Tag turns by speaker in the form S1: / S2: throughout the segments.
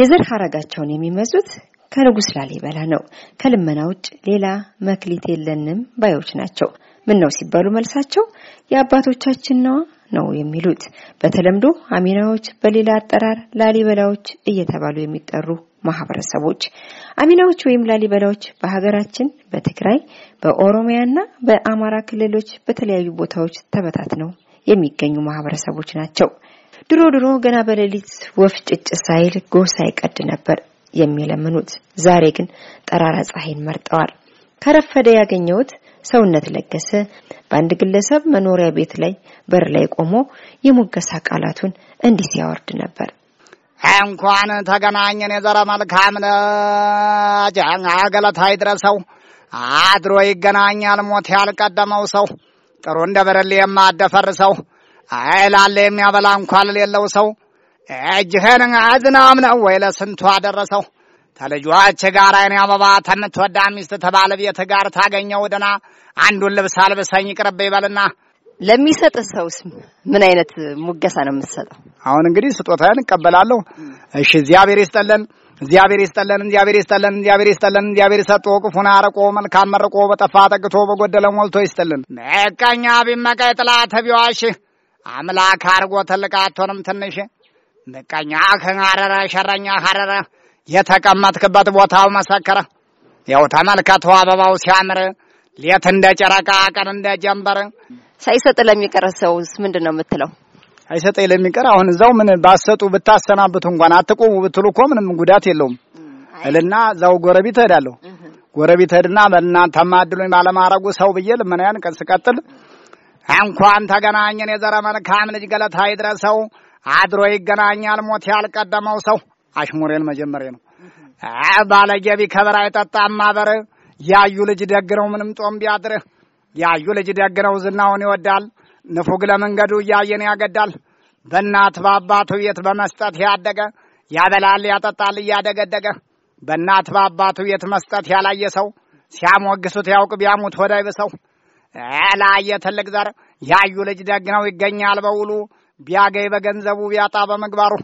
S1: የዘር ሐረጋቸውን የሚመዙት ከንጉስ ላሊበላ ነው። ከልመና ውጭ ሌላ መክሊት የለንም ባዮች ናቸው። ምን ነው ሲባሉ መልሳቸው የአባቶቻችን ነዋ ነው የሚሉት። በተለምዶ አሚናዎች፣ በሌላ አጠራር ላሊበላዎች እየተባሉ የሚጠሩ ማህበረሰቦች አሚናዎች ወይም ላሊበላዎች በሀገራችን በትግራይ በኦሮሚያና በአማራ ክልሎች በተለያዩ ቦታዎች ተበታትነው የሚገኙ ማህበረሰቦች ናቸው። ድሮ ድሮ ገና በሌሊት ወፍ ጭጭ ሳይል ጎህ ሳይቀድ ነበር የሚለምኑት። ዛሬ ግን ጠራራ ፀሐይን መርጠዋል። ከረፈደ ያገኘሁት ሰውነት ለገሰ በአንድ ግለሰብ መኖሪያ ቤት ላይ በር ላይ ቆሞ የሙገሳ ቃላቱን እንዲህ ሲያወርድ ነበር።
S2: እንኳን ተገናኘን የዘረ መልካም ነጭ አገለታ ይድረሰው አድሮ ይገናኛል ሞት ያልቀደመው ሰው ጥሩ እንደ በረሌ የማደፈር ሰው አይላለ የሚያበላ እንኳን ለሌለው ሰው እጅህን አዝናም ነው ወይ ለስንቱ አደረሰው። ከልጆች ጋር አይኔ አበባ ተምትወዳ ሚስት ተባለቤት ጋር ታገኘው ድና አንዱን ልብስ አልብሰኝ ይቅርብ ይበልና
S1: ለሚሰጥ ሰውስ ምን አይነት ሙገሳ ነው የምትሰጠው? አሁን እንግዲህ ስጦታን እቀበላለሁ።
S2: እሺ እግዚአብሔር ይስጠለን፣ እግዚአብሔር ይስጠለን፣ እግዚአብሔር ይስጠለን፣ እግዚአብሔር ይስጠለን፣ እግዚአብሔር ይሰጥ። ክፉን አርቆ መልካም መርቆ በጠፋ ጠግቶ በጎደለ ሞልቶ ይስጠልን። መቀኛ ቢመቀይ ጥላ ተቢዋሽ አምላክ አርጎ ትልቃቶንም ትንሽ ምቀኛ ከሀረረ ሸረኛ ካረረ የተቀመጥክበት ቦታው መሰከረ። ያው ተመልከቱ አበባው ሲያምር ሌት እንደ ጨረቃ ቀን እንደ ጀንበር። ሳይሰጥ ለሚቀር ሰውስ ምንድን ነው የምትለው? አይሰጥ ለሚቀር አሁን እዛው ምን ባሰጡ ብታሰናብቱ እንኳን አትቆሙ ብትሉ እኮ ምንም ጉዳት የለውም እልና እዛው ጎረቤት እሄዳለሁ። ጎረቤት እሄድና በእናንተ ማድሉኝ ባለማረጉ ሰው ብዬ ልመናያን ቀን ስቀጥል እንኳን ተገናኘን። የዘረ መልካም ልጅ ገለታ ይድረሰው አድሮ ይገናኛል ሞት ያልቀደመው ሰው። አሽሙሬን መጀመሪያ ነው። ባለጌ ከበራ የጠጣ ማበር ያዩ ልጅ ደግ ነው ምንም ጦም ቢያድርህ ያዩ ልጅ ደግ ነው ዝናውን ይወዳል። ንፉግ ለመንገዱ እያየን ያገዳል። በእናት በአባቱ ቤት በመስጠት ያደገ ያበላል ያጠጣል እያደገደገ በእናት በአባቱ ቤት መስጠት ያላየ ሰው ሲያሞግሱት ያውቅ ቢያሙት ወዳይ ብሰው
S3: ላየ ትልቅ
S2: ዘር ያዩ ልጅ ደግ ነው ይገኛል በውሉ ቢያገኝ በገንዘቡ ቢያጣ በምግባሩ።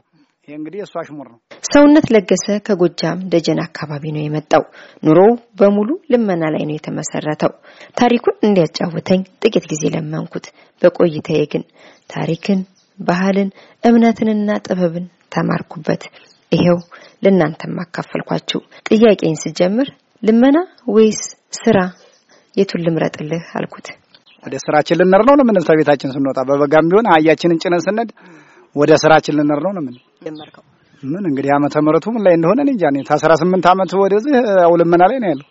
S2: ይህ እንግዲህ እሱ አሽሙር ነው።
S1: ሰውነት ለገሰ ከጎጃም ደጀን አካባቢ ነው የመጣው። ኑሮው በሙሉ ልመና ላይ ነው የተመሰረተው። ታሪኩን እንዲያጫውተኝ ጥቂት ጊዜ ለመንኩት። በቆይታዬ ግን ታሪክን፣ ባህልን፣ እምነትንና ጥበብን ተማርኩበት። ይሄው ለእናንተም አካፈልኳችሁ። ጥያቄን ስጀምር ልመና ወይስ ስራ የቱን ልምረጥልህ አልኩት።
S2: ወደ ስራችን ልንር ነው ነው ምንል ከቤታችን ስንወጣ በበጋም ቢሆን አህያችንን ጭነን ስንሄድ ወደ ስራችን ልንር ነው ነው ምን ምን እንግዲህ አመተ ምሕረቱ ምን ላይ እንደሆነ እንጃ። እኔ አስራ ስምንት ዓመት ወደዚህ ያው ልመና ላይ ነው ያለው።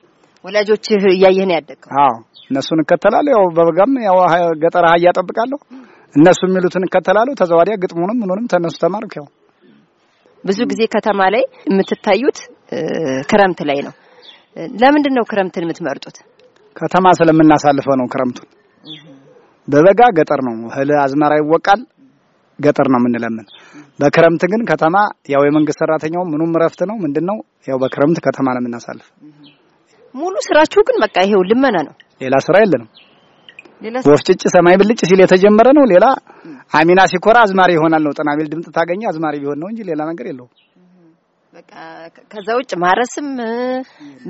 S2: ወላጆችህ እያየህ ነው ያደገው? አዎ እነሱን እከተላለሁ። ያው በበጋም ያው ገጠር አህያ እጠብቃለሁ። እነሱ የሚሉትን እከተላለሁ። ተዘዋዲያ ግጥሙንም ምኑንም ተነሱ ተማርክ። ያው
S1: ብዙ ጊዜ ከተማ ላይ የምትታዩት ክረምት ላይ ነው። ለምንድን ነው ክረምትን የምትመርጡት?
S2: ከተማ ስለምናሳልፈው ነው ክረምቱን። በበጋ ገጠር ነው እህል አዝመራ ይወቃል፣ ገጠር ነው የምንለምን። በክረምት ግን ከተማ ያው የመንግስት ሰራተኛው ምኑም እረፍት ነው ምንድን ነው ያው በክረምት ከተማ ነው የምናሳልፍ።
S1: ሙሉ ስራችሁ ግን በቃ ይሄው ልመና ነው፣
S2: ሌላ ስራ የለንም። ወፍጭጭ ሰማይ ብልጭ ሲል የተጀመረ ነው። ሌላ አሚና ሲኮራ አዝማሪ ይሆናል ነው ጥናቢል ድምጽ ታገኘ አዝማሪ ቢሆን ነው እንጂ ሌላ ነገር የለውም።
S1: በቃ ከዛ ውጭ ማረስም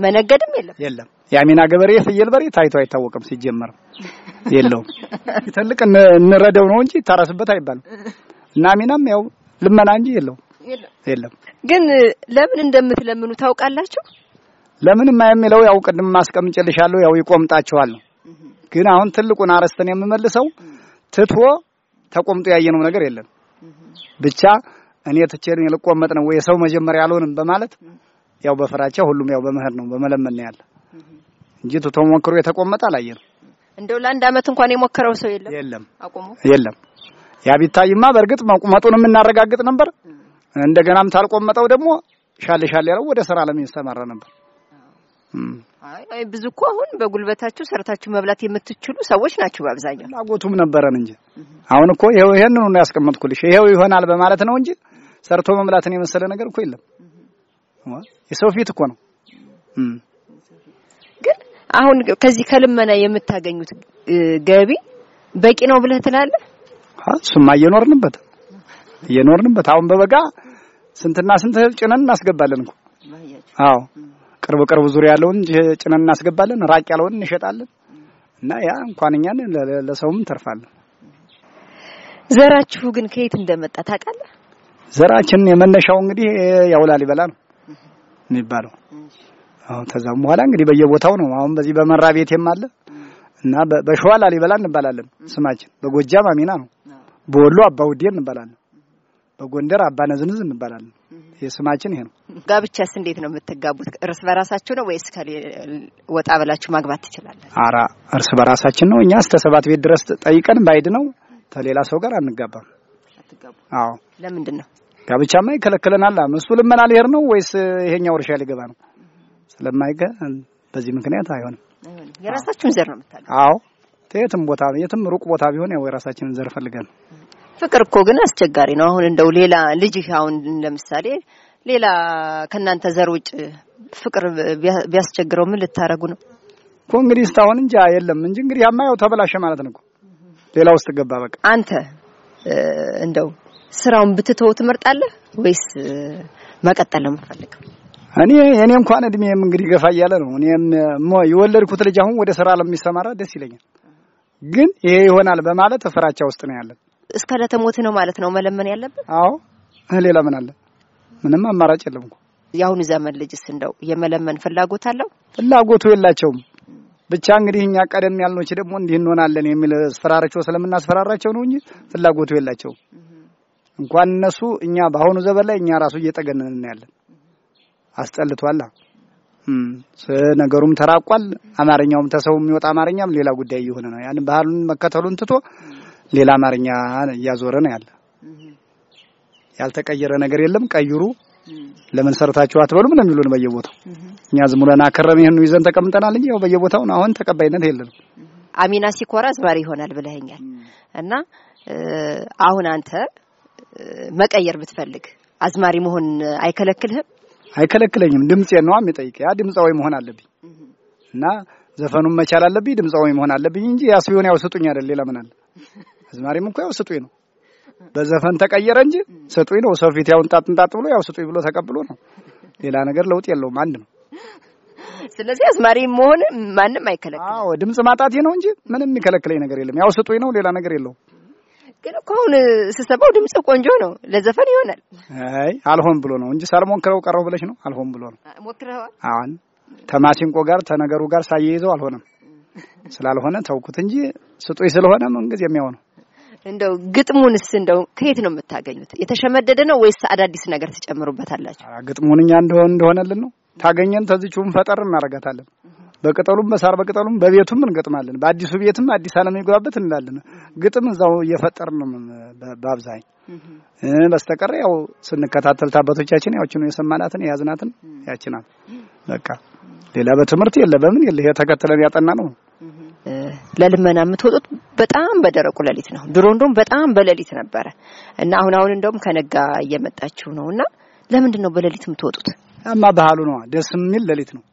S1: መነገድም የለም የለም።
S2: የአሚና ገበሬ ፍየል በሬ ታይቶ አይታወቅም። ሲጀመር የለውም
S1: ትልቅ እንረደው
S2: ነው እንጂ ታረስበት አይባልም። እና አሚናም ያው ልመና እንጂ የለው የለም።
S1: ግን ለምን እንደምትለምኑ ታውቃላችሁ?
S2: ለምን የሚለው ያው ቅድም ማስቀምጭልሻለሁ ያው ይቆምጣችኋል ነው። ግን አሁን ትልቁን አረስተን የምመልሰው ትቶ ተቆምጦ ያየነው ነገር የለም። ብቻ እኔ ትቼን ልቆመጥ ነው ወይ ሰው መጀመሪያ አልሆንም በማለት ያው በፍራቻ ሁሉም ያው በመሄድ ነው በመለመን ያለ እንጂ ትቶ ሞክሮ የተቆመጠ አላየን።
S1: እንደው ለአንድ አመት እንኳን የሞከረው ሰው የለም የለም አቁሞ
S2: የለም። ያ ቢታይማ በእርግጥ መቁመጡንም እናረጋግጥ ነበር። እንደገናም ታልቆመጠው ደግሞ ሻል ሻል ያለው ወደ ስራ ለሚሰማራ ነበር።
S1: አይ ብዙ እኮ አሁን በጉልበታችሁ ሰርታችሁ መብላት የምትችሉ ሰዎች ናችሁ በአብዛኛው። ፍላጎቱም ነበረን እንጂ
S2: አሁን እኮ ይሄው ይሄን ነው ያስቀመጥኩልሽ፣ ይሄው ይሆናል በማለት ነው እንጂ ሰርቶ መብላትን የመሰለ ነገር እኮ የለም። የሰው ፊት እኮ ነው
S1: አሁን ከዚህ ከልመና የምታገኙት ገቢ በቂ ነው ብለህ ትላለህ?
S2: እሱማ እየኖርንበት እየኖርንበት አሁን በበጋ ስንትና ስንት ጭነን እናስገባለን እኮ። አዎ ቅርብ ቅርብ ዙሪያ ያለውን ጭነን እናስገባለን፣ ራቅ ያለውን እንሸጣለን። እና ያ እንኳን እኛን ለሰውም ተርፋለን።
S1: ዘራችሁ ግን ከየት እንደመጣ ታውቃለህ?
S2: ዘራችን የመነሻው እንግዲህ ያው ላሊበላ ነው የሚባለው አሁን ተዛም በኋላ እንግዲህ በየቦታው ነው። አሁን በዚህ በመራ ቤቴም አለ እና በሸዋ ላሊበላ እንባላለን። ስማችን በጎጃም አሚና ነው። በወሎ አባውዴ እንባላለን። በጎንደር አባ ነዝንዝ እንባላለን።
S1: የስማችን ይሄ ነው። ጋብቻስ እንዴት ነው የምትጋቡት? እርስ በራሳችሁ ነው ወይስ ወጣ ብላችሁ ማግባት ትችላለን?
S2: አራ እርስ በራሳችን ነው። እኛ እስከ ሰባት ቤት ድረስ ጠይቀን ባይድ ነው ከሌላ ሰው ጋር አንጋባም። አዎ። ለምንድን ነው ጋብቻማ? ይከለክለናል። እሱ ልመና ሊሄድ ነው ወይስ ይሄኛው እርሻ ሊገባ ነው? ስለማይገን በዚህ ምክንያት አይሆንም።
S1: የራሳችሁን ዘር ነው የምታገኙ?
S2: አዎ የትም ቦታ የትም ሩቅ ቦታ ቢሆን ያው የራሳችንን ዘር ፈልገን።
S1: ፍቅር እኮ ግን አስቸጋሪ ነው። አሁን እንደው ሌላ ልጅህ አሁን ለምሳሌ ሌላ ከእናንተ ዘር ውጭ ፍቅር ቢያስቸግረው ምን ልታረጉ ነው?
S2: እኮ እንግዲህ እስካሁን እንጂ የለም እንጂ እንግዲህ ያማየው ተበላሸ ማለት ነው። ሌላ ውስጥ ገባ በቃ። አንተ እንደው ስራውን ብትተው ትመርጣለህ ወይስ መቀጠል ነው የምትፈልገው? እኔ እኔ እንኳን እድሜም እንግዲህ ገፋ እያለ ነው። እኔም የወለድኩት ልጅ አሁን ወደ ስራ ለሚሰማራ ደስ ይለኛል፣ ግን ይሄ ይሆናል በማለት ፍራቻ ውስጥ ነው ያለን።
S1: እስከ ዕለተ ሞት ነው ማለት ነው መለመን ያለብን።
S2: አዎ ሌላ ምን አለ? ምንም አማራጭ የለም እኮ።
S1: የአሁኑ ዘመን ልጅስ እንደው የመለመን ፍላጎት አለው?
S2: ፍላጎቱ የላቸውም። ብቻ እንግዲህ እኛ ቀደም ያልኖች ደግሞ እንዲህ እንሆናለን የሚል አስፈራራቸው ስለምናስፈራራቸው ነው እንጂ ፍላጎቱ የላቸውም። እንኳን እነሱ እኛ በአሁኑ ዘመን ላይ እኛ ራሱ እየጠገነን ያለን አስጠልቷላ። ነገሩም ተራቋል። አማርኛውም ተሰው የሚወጣ አማርኛም ሌላ ጉዳይ እየሆነ ነው። ያን ባህሉን መከተሉን ትቶ ሌላ አማርኛ እያዞረ ነው ያለ። ያልተቀየረ ነገር የለም። ቀይሩ ለምን ሰርታችሁ አትበሉም ነው የሚሉን በየቦታው። እኛ ዝም ብለን አከረም ይሄን ይዘን ተቀምጠናል እንጂ ያው በየቦታው አሁን ተቀባይነት የለንም።
S1: አሚና ሲኮራ አዝማሪ ይሆናል ብለኸኛል። እና አሁን አንተ መቀየር ብትፈልግ አዝማሪ መሆን አይከለክልህም?
S2: አይከለክለኝም። ድምጽ ነዋ የሚጠይቅ ያ
S1: ድምፃዊ መሆን አለብኝ እና
S2: ዘፈኑን መቻል አለብኝ ድምፃዊ መሆን አለብኝ እንጂ ያስቢሆን ያው ስጡኝ አይደል ሌላ ምን አለ? አዝማሪም እኮ ያው ስጡኝ ነው። በዘፈን ተቀየረ እንጂ ስጡኝ ነው። ሰው ፊት ያው እንጣጥ እንጣጥ ብሎ ያው ስጡኝ ብሎ ተቀብሎ ነው። ሌላ ነገር ለውጥ የለውም። አንድ ነው።
S1: ስለዚህ አዝማሪ መሆን ማንም አይከለክል። አዎ
S2: ድምጽ ማጣቴ ነው እንጂ ምንም የሚከለክለኝ ነገር የለም። ያው ስጡኝ ነው። ሌላ ነገር የለውም።
S1: ግን እኮ አሁን ስሰማው ድምጽ ቆንጆ ነው፣ ለዘፈን ይሆናል።
S2: አይ አልሆን ብሎ ነው እንጂ ሳልሞክረው ቀረው ብለሽ ነው። አልሆን ብሎ ነው። ሞክረዋል? አዎን፣ ተማሲንቆ ጋር ተነገሩ ጋር ሳያይዘው አልሆነም። ስላልሆነ ተውኩት እንጂ ስጡኝ ስለሆነ ምንጊዜም የሚያሆነው
S1: እንደው ግጥሙንስ እንደው ከየት ነው የምታገኙት? የተሸመደደ ነው ወይስ አዳዲስ ነገር ትጨምሩበታላችሁ?
S2: ግጥሙን እኛ እንደሆን እንደሆነልን ነው ታገኘን
S1: ተዚችውን ፈጠር እናደርጋታለን። በቅጠሉም
S2: በሳር በቅጠሉም በቤቱም እንገጥማለን። በአዲሱ ቤትም አዲስ ዓለም የሚገባበት እንላለን። ግጥም እዛው እየፈጠር ነው በአብዛኝ በስተቀር ያው ስንከታተል ታባቶቻችን ያችኑ የሰማናትን የያዝናትን ያችናት በቃ ሌላ በትምህርት የለ በምን የለ የተከተለን
S1: ያጠና ነው። ለልመና የምትወጡት በጣም በደረቁ ሌሊት ነው። ድሮ እንደውም በጣም በሌሊት ነበረ እና አሁን አሁን እንደውም ከነጋ እየመጣችሁ ነው እና ለምንድን ነው በሌሊት የምትወጡት? አማ ባህሉ ነው። ደስ የሚል ሌሊት ነው።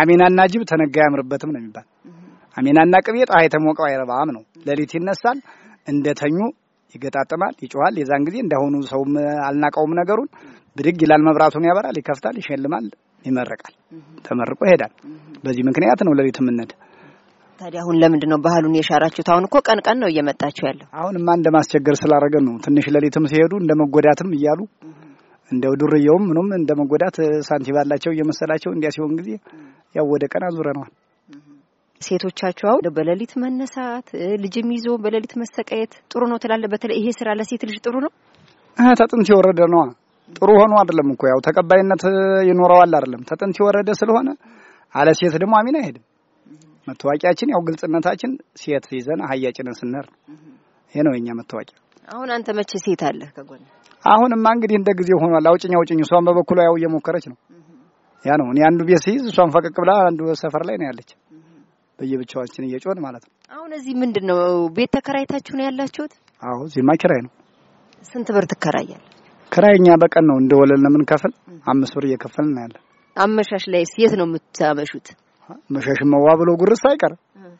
S1: አሜናና ጅብ ተነጋ አያምርበትም
S2: ነው የሚባል። አሜናና ቅቤ ፀሐይ ተሞቀው አይረባም ነው። ሌሊት ይነሳል እንደተኙ ይገጣጥማል ይጮሃል። የዛን ጊዜ እንደሆኑ ሰውም አልናቀውም ነገሩን። ብድግ ይላል፣ መብራቱን ያበራል፣ ይከፍታል፣ ይሸልማል፣ ይመረቃል። ተመርቆ ይሄዳል። በዚህ ምክንያት ነው ሌሊት የምንሄድ። ታዲያ
S1: አሁን ለምንድን ነው ባህሉን የሻራችሁት? አሁን እኮ ቀን ቀን ነው እየመጣችሁ ያለው።
S2: አሁንማ እንደማስቸገር ስላደረገ ነው። ትንሽ ሌሊትም ሲሄዱ እንደመጎዳትም እያሉ እንደው ዱርየውም ምኑም እንደ መጎዳት ሳንቲም ባላቸው እየመሰላቸው እንዲያ ሲሆን ጊዜ ያው ወደ ቀን አዙረነዋል።
S1: ሴቶቻቸው አሁን በሌሊት መነሳት ልጅም ይዞ በሌሊት መሰቃየት ጥሩ ነው ትላለህ? በተለይ ይሄ ስራ ለሴት ልጅ ጥሩ ነው?
S2: ተጥንት የወረደ ነዋ። ጥሩ ሆኖ አይደለም እኮ ያው ተቀባይነት ይኖረዋል አይደለም። ተጥንት የወረደ ስለሆነ አለ ሴት ደግሞ አሚን አይሄድም። መታወቂያችን ያው ግልጽነታችን ሴት ይዘን አህያ ስነር ይሄ ነው የኛ መታወቂያ። አሁን አንተ መቼ ሴት አለህ ከጎን? አሁንማ እንግዲህ እንደ ጊዜ ሆኗል። አውጭኝ አውጭኝ። እሷን በበኩሏ ያው እየሞከረች ነው። ያ ነው እኔ አንዱ ቤት ሲይዝ እሷን ፈቀቅ ብላ አንዱ ሰፈር ላይ ነው ያለች። በየብቻዋችን እየጮን ማለት ነው።
S1: አሁን እዚህ ምንድን ነው ቤት ተከራይታችሁ ነው ያላችሁት?
S2: አዎ እዚህማ ኪራይ ነው። ስንት ብር ትከራያለህ? ክራይኛ በቀን ነው እንደ ወለል ነው የምንከፍል። አምስት ብር እየከፈልን ነው
S1: አመሻሽ ላይስ የት ነው የምታመሹት?
S2: መሸሽም መዋ ብሎ ጉርስ አይቀር።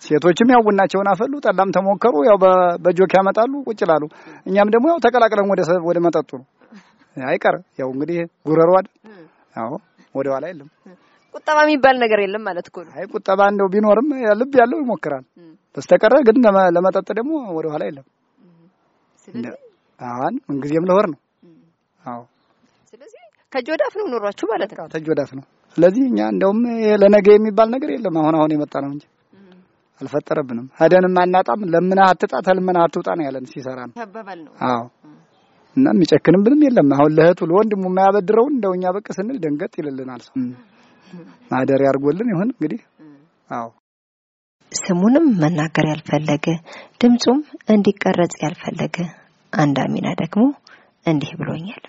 S2: ሴቶችም ያው ቡናቸውን አፈሉ፣ ጠላም ተሞከሩ፣ ያው በጆክ ያመጣሉ፣ ቁጭ ላሉ እኛም ደግሞ ያው ተቀላቅለን ወደ ወደ መጠጡ ነው አይቀር። ያው እንግዲህ ጉረሩ አይደል? አዎ ወደ ኋላ የለም።
S1: ቁጠባ የሚባል ነገር የለም ማለት እኮ ነው። አይ
S2: ቁጠባ እንደው ቢኖርም ልብ ያለው ይሞክራል። በስተቀረ ግን ለመጠጥ ደግሞ ወደ ኋላ የለም። አሁን ምንጊዜም ለወር ነው። አዎ
S1: ስለዚህ ከጆዳፍ ነው ኑሯችሁ ማለት ነው።
S2: ከእጅ ነው። ስለዚህ እኛ እንደውም ለነገ የሚባል ነገር የለም። አሁን አሁን የመጣ ነው እንጂ አልፈጠረብንም። ሄደንም አናጣም። ለምን አትጣ ተልምን አትውጣ ነው ያለን ሲሰራ ነው። አዎ እና የሚጨክንም ብንም የለም። አሁን ለእህቱ ለወንድሙ የማያበድረውን እንደው እኛ በቅ ስንል ደንገጥ ይልልናል። ሰው ማደር ያርጎልን ይሁን እንግዲህ። አዎ
S1: ስሙንም መናገር ያልፈለገ ድምፁም እንዲቀረጽ ያልፈለገ አንድ አሚና ደግሞ እንዲህ ብሎኛል።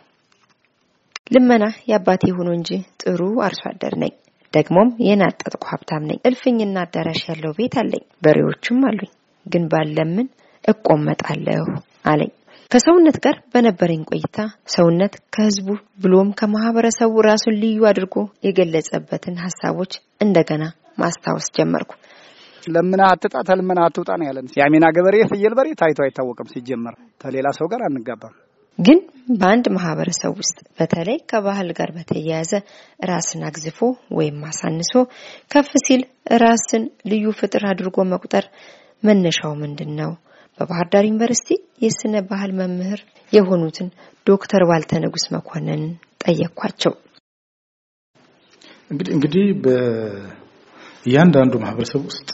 S1: ልመና የአባቴ ሆኖ እንጂ ጥሩ አርሶ አደር ነኝ። ደግሞም የናጠጥኩ ሀብታም ነኝ። እልፍኝና አዳራሽ ያለው ቤት አለኝ፣ በሬዎችም አሉኝ። ግን ባለምን እቆመጣለሁ አለኝ። ከሰውነት ጋር በነበረኝ ቆይታ ሰውነት ከህዝቡ ብሎም ከማህበረሰቡ ራሱን ልዩ አድርጎ የገለጸበትን ሀሳቦች እንደገና ማስታወስ ጀመርኩ።
S2: ለምና አትጣ ተልምና አትውጣ ነው ያለን። የአሜና ገበሬ ፍየል በሬ ታይቶ አይታወቅም። ሲጀመር ከሌላ ሰው ጋር አንጋባም።
S1: ግን በአንድ ማህበረሰብ ውስጥ በተለይ ከባህል ጋር በተያያዘ ራስን አግዝፎ ወይም አሳንሶ ከፍ ሲል ራስን ልዩ ፍጥር አድርጎ መቁጠር መነሻው ምንድን ነው? በባህር ዳር ዩኒቨርሲቲ የስነ ባህል መምህር የሆኑትን ዶክተር ዋልተ ንጉስ መኮንን ጠየኳቸው።
S3: እንግዲህ በእያንዳንዱ ማህበረሰብ ውስጥ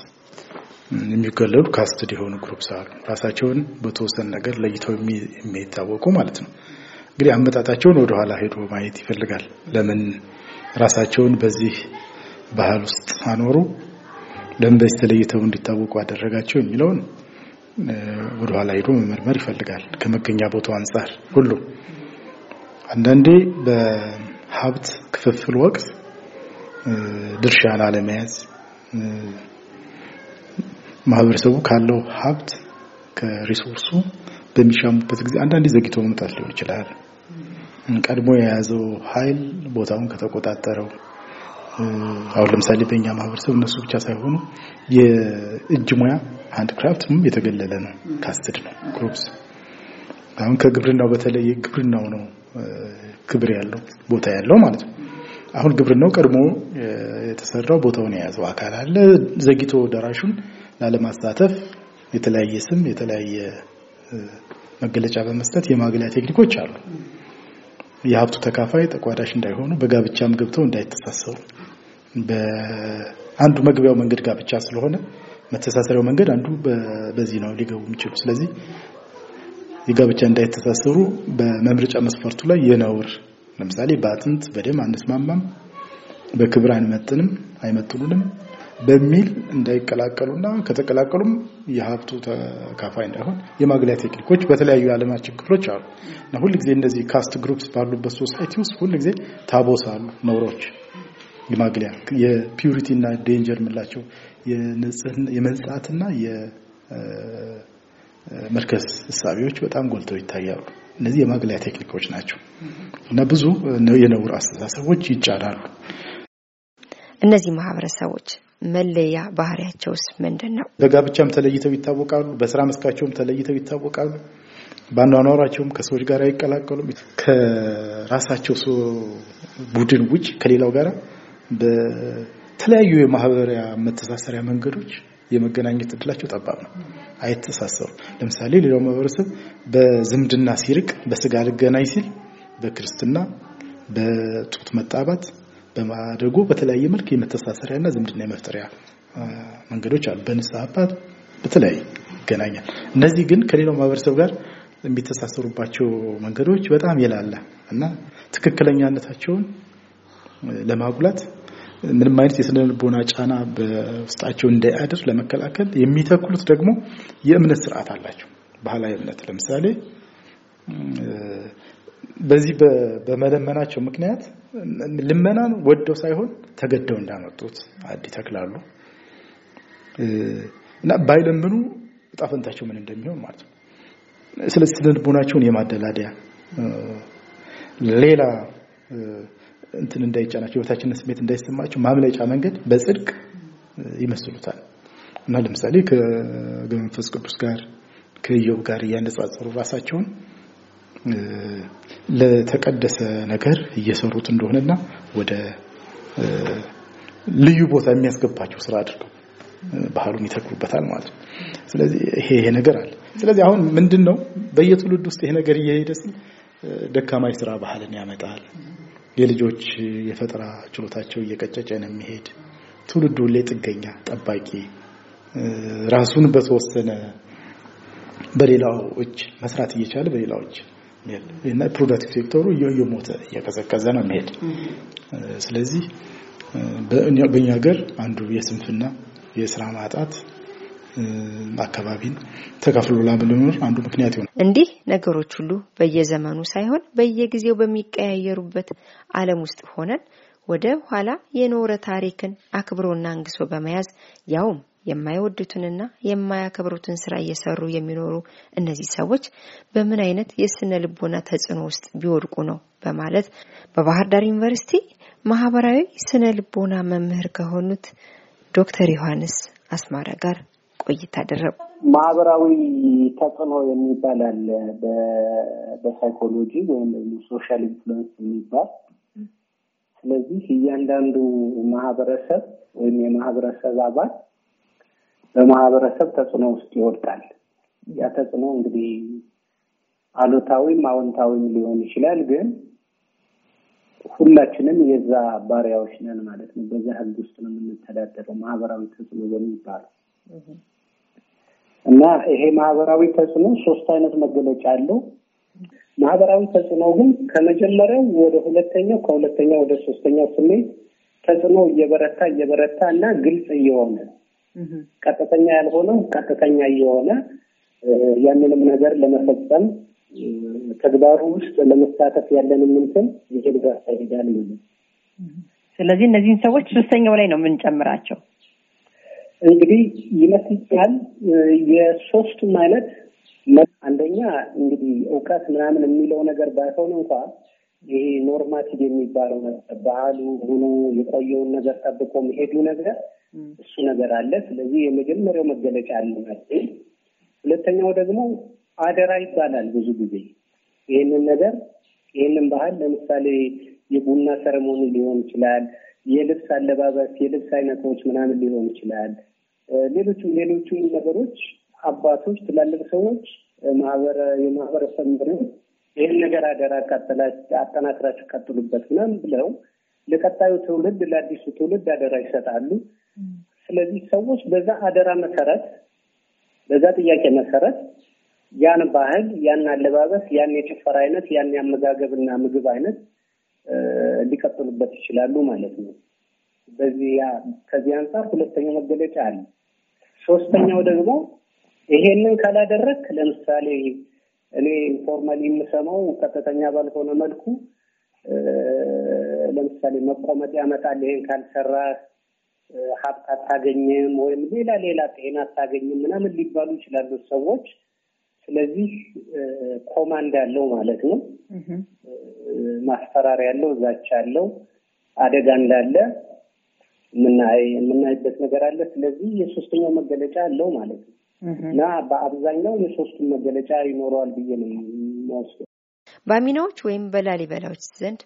S3: የሚገለሉ ካስትድ የሆኑ ግሩፕስ አሉ። ራሳቸውን በተወሰነ ነገር ለይተው የሚታወቁ ማለት ነው። እንግዲህ አመጣጣቸውን ወደኋላ ሄዶ ማየት ይፈልጋል። ለምን ራሳቸውን በዚህ ባህል ውስጥ አኖሩ? ለምን በዚህ ተለይተው እንዲታወቁ አደረጋቸው? የሚለውን ወደኋላ ሄዶ መመርመር ይፈልጋል። ከመገኛ ቦታው አንጻር ሁሉ አንዳንዴ በሀብት ክፍፍል ወቅት ድርሻን አለመያዝ ማህበረሰቡ ካለው ሀብት ከሪሶርሱ በሚሻሙበት ጊዜ አንዳንዴ ዘግቶ መምጣት ሊሆን ይችላል። ቀድሞ የያዘው ኃይል ቦታውን ከተቆጣጠረው አሁን ለምሳሌ በእኛ ማህበረሰብ እነሱ ብቻ ሳይሆኑ የእጅ ሙያ ሃንድ ክራፍትም የተገለለ ነው። ካስትድ ነው ክሮፕስ አሁን ከግብርናው በተለይ ግብርናው ነው ክብር ያለው ቦታ ያለው ማለት ነው። አሁን ግብርናው ቀድሞ የተሰራው ቦታውን የያዘው አካል አለ ዘግቶ ደራሹን ላለማሳተፍ የተለያየ ስም የተለያየ መገለጫ በመስጠት የማግለያ ቴክኒኮች አሉ። የሀብቱ ተካፋይ ተቋዳሽ እንዳይሆኑ በጋብቻም ገብተው እንዳይተሳሰሩ በአንዱ መግቢያው መንገድ ጋብቻ ስለሆነ መተሳሰሪያው መንገድ አንዱ በዚህ ነው ሊገቡ የሚችሉ። ስለዚህ የጋብቻ እንዳይተሳሰሩ በመምረጫ መስፈርቱ ላይ የነውር ለምሳሌ በአጥንት በደም አንስማማም፣ በክብር አንመጥንም አይመጥኑንም በሚል እንዳይቀላቀሉና ከተቀላቀሉም የሀብቱ ተካፋይ እንዳይሆን የማግለያ ቴክኒኮች በተለያዩ የዓለማችን ክፍሎች አሉ እና ሁልጊዜ እነዚህ ካስት ግሩፕስ ባሉበት ሶሳይቲ ውስጥ ሁልጊዜ ታቦስ አሉ ኖሮች የማግለያ የፒውሪቲ እና ዴንጀር የምላቸው የመንጻትና የመርከስ እሳቢዎች በጣም ጎልተው ይታያሉ። እነዚህ የማግለያ ቴክኒኮች ናቸው እና ብዙ የነውር አስተሳሰቦች ይጫናሉ። እነዚህ ማህበረሰቦች መለያ ባህሪያቸውስ ምንድን ነው? በጋብቻም ተለይተው ይታወቃሉ። በስራ መስካቸውም ተለይተው ይታወቃሉ። በአኗኗራቸውም ከሰዎች ጋር አይቀላቀሉም። ከራሳቸው ቡድን ውጭ ከሌላው ጋር በተለያዩ የማህበሪያ መተሳሰሪያ መንገዶች የመገናኘት እድላቸው ጠባብ ነው። አይተሳሰሩም። ለምሳሌ ሌላው ማህበረሰብ በዝምድና ሲርቅ፣ በስጋ ልገናኝ ሲል በክርስትና በጡት መጣባት በማድረጉ በተለያየ መልክ የመተሳሰሪያና ዝምድና የመፍጠሪያ መንገዶች አሉ። በንስሐ አባት በተለያየ ይገናኛል። እነዚህ ግን ከሌላው ማህበረሰብ ጋር የሚተሳሰሩባቸው መንገዶች በጣም የላለ እና ትክክለኛነታቸውን ለማጉላት ምንም አይነት የስነ ልቦና ጫና በውስጣቸው እንዳያድር ለመከላከል የሚተክሉት ደግሞ የእምነት ስርዓት አላቸው። ባህላዊ እምነት ለምሳሌ በዚህ በመለመናቸው ምክንያት ልመናን ወደው ሳይሆን ተገደው እንዳመጡት አዲ ተክላሉ እና ባይለምኑ እጣፈንታቸው ምን እንደሚሆን ማለት ነው። ስለዚህ ስነ ልቦናቸውን የማደላደያ ሌላ እንትን እንዳይጫናቸው ህይወታችንን ስሜት እንዳይሰማቸው ማምለጫ መንገድ በጽድቅ ይመስሉታል እና ለምሳሌ ከመንፈስ ቅዱስ ጋር ከኢዮብ ጋር እያነጻጸሩ ራሳቸውን ለተቀደሰ ነገር እየሰሩት እንደሆነና ወደ ልዩ ቦታ የሚያስገባቸው ስራ አድርገው ባህሉን ይተክሉበታል ማለት ነው። ስለዚህ ይሄ ይሄ ነገር አለ። ስለዚህ አሁን ምንድን ነው በየትውልድ ውስጥ ይሄ ነገር እየሄደ ደካማ ስራ ባህልን ያመጣል። የልጆች የፈጠራ ችሎታቸው እየቀጨጨ ነው የሚሄድ ትውልዱ ሁሌ ጥገኛ፣ ጠባቂ ራሱን በተወሰነ በሌላው እጅ መስራት እየቻለ በሌላው እጅ እና ፕሮዳክቲቭ ሴክተሩ እየሞተ እየቀዘቀዘ ነው የሚሄድ። ስለዚህ በእኛ ሀገር አንዱ የስንፍና የስራ ማጣት አካባቢን ተካፍሎ ላለመኖር አንዱ ምክንያት ይሆናል።
S1: እንዲህ ነገሮች ሁሉ በየዘመኑ ሳይሆን በየጊዜው በሚቀያየሩበት ዓለም ውስጥ ሆነን ወደ ኋላ የኖረ ታሪክን አክብሮና አንግሶ በመያዝ ያውም የማይወዱትንና የማያከብሩትን ስራ እየሰሩ የሚኖሩ እነዚህ ሰዎች በምን አይነት የስነ ልቦና ተጽዕኖ ውስጥ ቢወድቁ ነው በማለት በባህር ዳር ዩኒቨርሲቲ ማህበራዊ ስነ ልቦና መምህር ከሆኑት ዶክተር ዮሐንስ አስማረ ጋር ቆይታ አደረጉ።
S4: ማህበራዊ ተጽዕኖ የሚባል አለ በሳይኮሎጂ ወይም ሶሻል ኢንፍሉዌንስ የሚባል ስለዚህ እያንዳንዱ ማህበረሰብ ወይም የማህበረሰብ አባል በማህበረሰብ ተጽዕኖ ውስጥ ይወድቃል። ያ ተጽዕኖ እንግዲህ አሉታዊም አዎንታዊም ሊሆን ይችላል። ግን ሁላችንም የዛ ባሪያዎች ነን ማለት ነው። በዛ ህግ ውስጥ ነው የምንተዳደረው ማህበራዊ ተጽዕኖ በሚባለው እና ይሄ ማህበራዊ ተጽዕኖ ሶስት አይነት መገለጫ አለው። ማህበራዊ ተጽዕኖ ግን ከመጀመሪያው ወደ ሁለተኛው ከሁለተኛው ወደ ሶስተኛው ስሜት ተጽዕኖ እየበረታ እየበረታ እና ግልጽ እየሆነ ቀጥተኛ ያልሆነም ቀጥተኛ እየሆነ ያንንም ነገር ለመፈጸም ተግባሩ ውስጥ ለመሳተፍ ያለን ምንትን ይሄድ ጋር ሳይሄዳል ማለት
S1: ስለዚህ እነዚህን ሰዎች ሶስተኛው ላይ ነው የምንጨምራቸው።
S4: እንግዲህ ይመስልኛል የሶስቱ ማለት አንደኛ እንግዲህ እውቀት ምናምን የሚለው ነገር ባይሆን እንኳ ይሄ ኖርማቲቭ የሚባለው ነገር ባህሉ ሆኖ የቆየውን ነገር ጠብቆ መሄዱ ነገር እሱ ነገር አለ። ስለዚህ የመጀመሪያው መገለጫ አለ። ሁለተኛው ደግሞ አደራ ይባላል። ብዙ ጊዜ ይህንን ነገር ይህንን ባህል ለምሳሌ የቡና ሰረሞኒ ሊሆን ይችላል፣ የልብስ አለባበስ፣ የልብስ አይነቶች ምናምን ሊሆን ይችላል። ሌሎቹ ሌሎችም ነገሮች አባቶች፣ ትላልቅ ሰዎች፣ የማህበረሰብ መሪዎች ይህን ነገር አደራ አጠናክራችሁ ቀጥሉበት ምናምን ብለው ለቀጣዩ ትውልድ ለአዲሱ ትውልድ አደራ ይሰጣሉ። ሰዎች በዛ አደራ መሰረት በዛ ጥያቄ መሰረት ያን ባህል፣ ያን አለባበስ፣ ያን የጭፈራ አይነት፣ ያን የአመጋገብና ምግብ አይነት ሊቀጥሉበት ይችላሉ ማለት ነው። በዚህ ከዚህ አንጻር ሁለተኛው መገለጫ አለ። ሶስተኛው ደግሞ ይሄንን ካላደረክ ለምሳሌ እኔ ኢንፎርማል የምሰማው ቀጥተኛ ባልሆነ መልኩ ለምሳሌ መቆመጥ ያመጣል። ይሄን ካልሰራህ ሀብት አታገኝም ወይም ሌላ ሌላ ጤና አታገኝም ምናምን ሊባሉ ይችላሉ ሰዎች። ስለዚህ ኮማንድ ያለው ማለት ነው። ማስፈራሪያ ያለው፣ እዛች ያለው፣ አደጋ እንዳለ የምናይበት ነገር አለ። ስለዚህ የሶስተኛው መገለጫ አለው ማለት ነው እና በአብዛኛው የሶስቱን መገለጫ ይኖረዋል ብዬ ነው የሚወስደው።
S1: በአሚናዎች ወይም በላሊበላዎች ዘንድ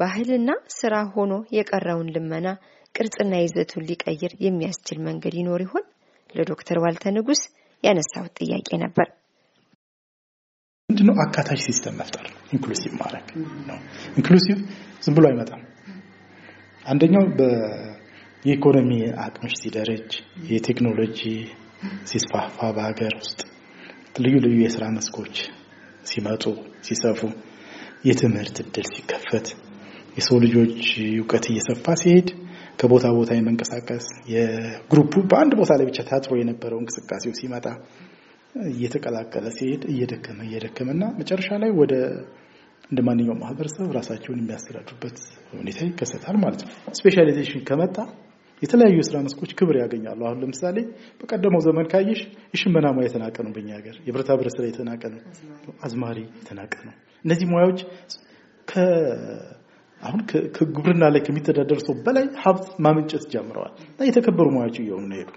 S1: ባህልና ስራ ሆኖ የቀረውን ልመና ቅርጽና ይዘቱን ሊቀይር የሚያስችል መንገድ ይኖር ይሆን? ለዶክተር ዋልተ ንጉስ ያነሳው ጥያቄ ነበር።
S3: ምንድነው አካታች ሲስተም መፍጠር ኢንክሉሲቭ ማድረግ ነው። ኢንክሉሲቭ ዝም ብሎ አይመጣም። አንደኛው የኢኮኖሚ አቅምሽ ሲደረጅ፣ የቴክኖሎጂ ሲስፋፋ፣ በሀገር ውስጥ ልዩ ልዩ የስራ መስኮች ሲመጡ ሲሰፉ፣ የትምህርት እድል ሲከፈት፣ የሰው ልጆች እውቀት እየሰፋ ሲሄድ ከቦታ ቦታ የመንቀሳቀስ የግሩፑ በአንድ ቦታ ላይ ብቻ ታጥሮ የነበረው እንቅስቃሴው ሲመጣ እየተቀላቀለ ሲሄድ እየደከመ እየደከመና መጨረሻ ላይ ወደ እንደ ማንኛውም ማህበረሰብ ራሳቸውን የሚያስተዳድሩበት ሁኔታ ይከሰታል ማለት ነው። ስፔሻሊዜሽን ከመጣ የተለያዩ የስራ መስኮች ክብር ያገኛሉ። አሁን ለምሳሌ በቀደመው ዘመን ካየሽ የሽመና ሙያ የተናቀ ነው፣ በኛ ሀገር የብረታ ብረት ስራ የተናቀ ነው፣ አዝማሪ የተናቀ ነው። እነዚህ ሙያዎች አሁን ከግብርና ላይ ከሚተዳደር ሰው በላይ ሀብት ማመንጨት ጀምረዋል እና የተከበሩ ሙያዎች እየሆኑ ነው ሄዱ።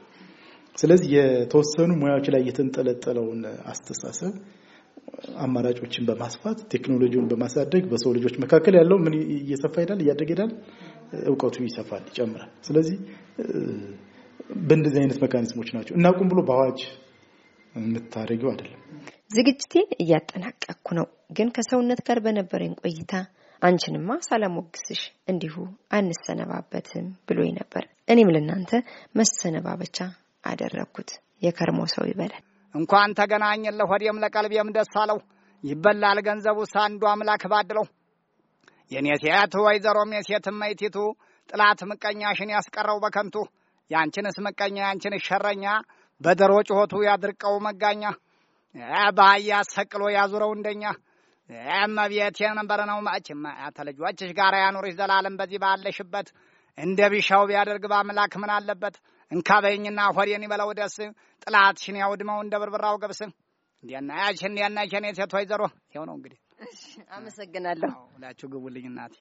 S3: ስለዚህ የተወሰኑ ሙያዎች ላይ የተንጠለጠለውን አስተሳሰብ አማራጮችን በማስፋት ቴክኖሎጂውን በማሳደግ በሰው ልጆች መካከል ያለው ምን እየሰፋ ይሄዳል፣ እያደገ ይሄዳል፣ እውቀቱ ይሰፋል፣ ይጨምራል። ስለዚህ በእንደዚህ አይነት መካኒዝሞች ናቸው እና ቁም ብሎ በአዋጅ የምታደርገው አይደለም።
S1: ዝግጅቴን እያጠናቀቅኩ ነው፣ ግን ከሰውነት ጋር በነበረኝ ቆይታ አንቺንማ ሳላሞግስሽ እንዲሁ አንሰነባበትም ብሎኝ ነበር። እኔም ለናንተ መሰነባበቻ አደረግኩት። የከርሞ ሰው ይበላል።
S2: እንኳን ተገናኘን። ለሆዴም ለቀልቤም ደስ አለው። ይበላል ገንዘቡ ሳንዱ አምላክ ባድለው የኔ ሴት ወይዘሮ የሴት መይቲቱ ጥላት ምቀኛሽን ያስቀረው በከንቱ ያንቺንስ ምቀኛ ያንቺን ሸረኛ በደሮ ጩኸቱ ያድርቀው መጋኛ በአህያ ሰቅሎ ያዙረው እንደኛ እመቤቴን በረነው ማችም ተልጆችሽ ጋር ያኑርሽ ዘላለም በዚህ ባለሽበት እንደ ቢሻው ቢያደርግ በአምላክ ምን አለበት? እንካ በይኝና ሆዴን ይበለው ደስ ጥላትሽን ያውድመው እንደ ብርብራው ገብስ እንዲያና ያችን እንዲያና ሸኔ ሴት ወይዘሮ
S1: ይኸው ነው እንግዲህ። አመሰግናለሁ። ሁላችሁ ግቡልኝ እናቴ